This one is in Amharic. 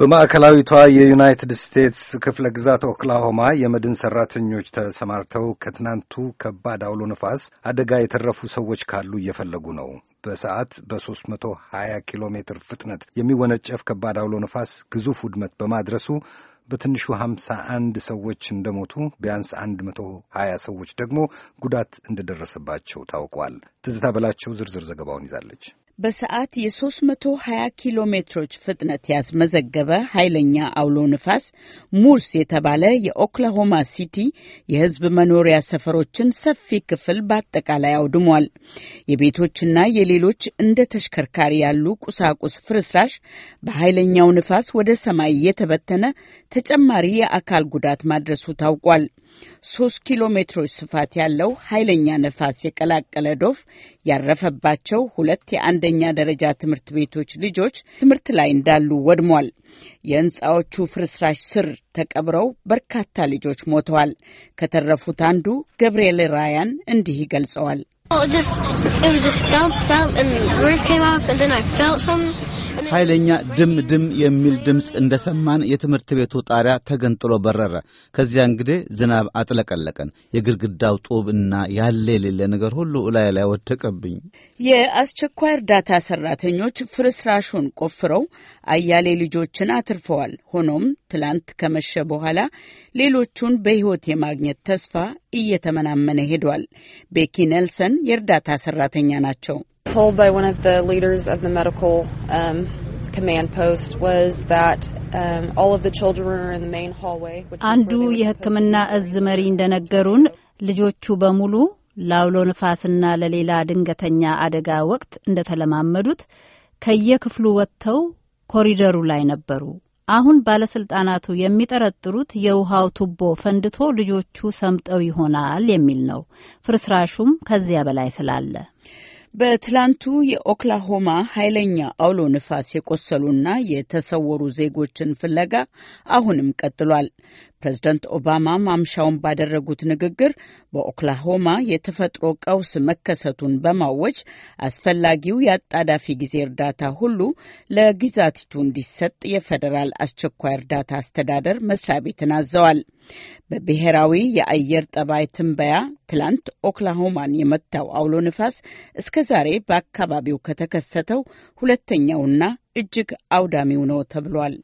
በማዕከላዊቷ የዩናይትድ ስቴትስ ክፍለ ግዛት ኦክላሆማ የመድን ሰራተኞች ተሰማርተው ከትናንቱ ከባድ አውሎ ነፋስ አደጋ የተረፉ ሰዎች ካሉ እየፈለጉ ነው። በሰዓት በ320 ኪሎ ሜትር ፍጥነት የሚወነጨፍ ከባድ አውሎ ነፋስ ግዙፍ ውድመት በማድረሱ በትንሹ 51 ሰዎች እንደሞቱ ቢያንስ 120 ሰዎች ደግሞ ጉዳት እንደደረሰባቸው ታውቋል። ትዝታ በላቸው ዝርዝር ዘገባውን ይዛለች። በሰዓት የ320 ኪሎ ሜትሮች ፍጥነት ያስመዘገበ ኃይለኛ አውሎ ንፋስ ሙርስ የተባለ የኦክላሆማ ሲቲ የሕዝብ መኖሪያ ሰፈሮችን ሰፊ ክፍል በአጠቃላይ አውድሟል። የቤቶችና የሌሎች እንደ ተሽከርካሪ ያሉ ቁሳቁስ ፍርስራሽ በኃይለኛው ንፋስ ወደ ሰማይ የተበተነ ተጨማሪ የአካል ጉዳት ማድረሱ ታውቋል። ሶስት ኪሎ ሜትሮች ስፋት ያለው ኃይለኛ ነፋስ የቀላቀለ ዶፍ ያረፈባቸው ሁለት የአንደኛ ደረጃ ትምህርት ቤቶች ልጆች ትምህርት ላይ እንዳሉ ወድሟል። የህንፃዎቹ ፍርስራሽ ስር ተቀብረው በርካታ ልጆች ሞተዋል። ከተረፉት አንዱ ገብርኤል ራያን እንዲህ ይገልጸዋል። ኃይለኛ ድም ድም የሚል ድምፅ እንደሰማን የትምህርት ቤቱ ጣሪያ ተገንጥሎ በረረ። ከዚያ እንግዲህ ዝናብ አጥለቀለቀን። የግድግዳው ጡብ እና ያለ የሌለ ነገር ሁሉ እላይ ላይ ወደቀብኝ። የአስቸኳይ እርዳታ ሰራተኞች ፍርስራሹን ቆፍረው አያሌ ልጆችን አትርፈዋል። ሆኖም ትላንት ከመሸ በኋላ ሌሎቹን በሕይወት የማግኘት ተስፋ እየተመናመነ ሄዷል። ቤኪ ኔልሰን የእርዳታ ሰራተኛ ናቸው። Told by one of the leaders of the medical um, command post was that አንዱ የሕክምና እዝ መሪ እንደነገሩን ልጆቹ በሙሉ ለአውሎ ነፋስና ለሌላ ድንገተኛ አደጋ ወቅት እንደተለማመዱት ከየክፍሉ ወጥተው ኮሪደሩ ላይ ነበሩ። አሁን ባለስልጣናቱ የሚጠረጥሩት የውሃው ቱቦ ፈንድቶ ልጆቹ ሰምጠው ይሆናል የሚል ነው። ፍርስራሹም ከዚያ በላይ ስላለ በትላንቱ የኦክላሆማ ኃይለኛ አውሎ ንፋስ የቆሰሉና የተሰወሩ ዜጎችን ፍለጋ አሁንም ቀጥሏል። ፕሬዝደንት ኦባማ ማምሻውን ባደረጉት ንግግር በኦክላሆማ የተፈጥሮ ቀውስ መከሰቱን በማወጅ አስፈላጊው የአጣዳፊ ጊዜ እርዳታ ሁሉ ለግዛቲቱ እንዲሰጥ የፌዴራል አስቸኳይ እርዳታ አስተዳደር መስሪያ ቤትን አዘዋል። በብሔራዊ የአየር ጠባይ ትንበያ ትላንት ኦክላሆማን የመታው አውሎ ንፋስ እስከ ዛሬ በአካባቢው ከተከሰተው ሁለተኛውና እጅግ አውዳሚው ነው ተብሏል።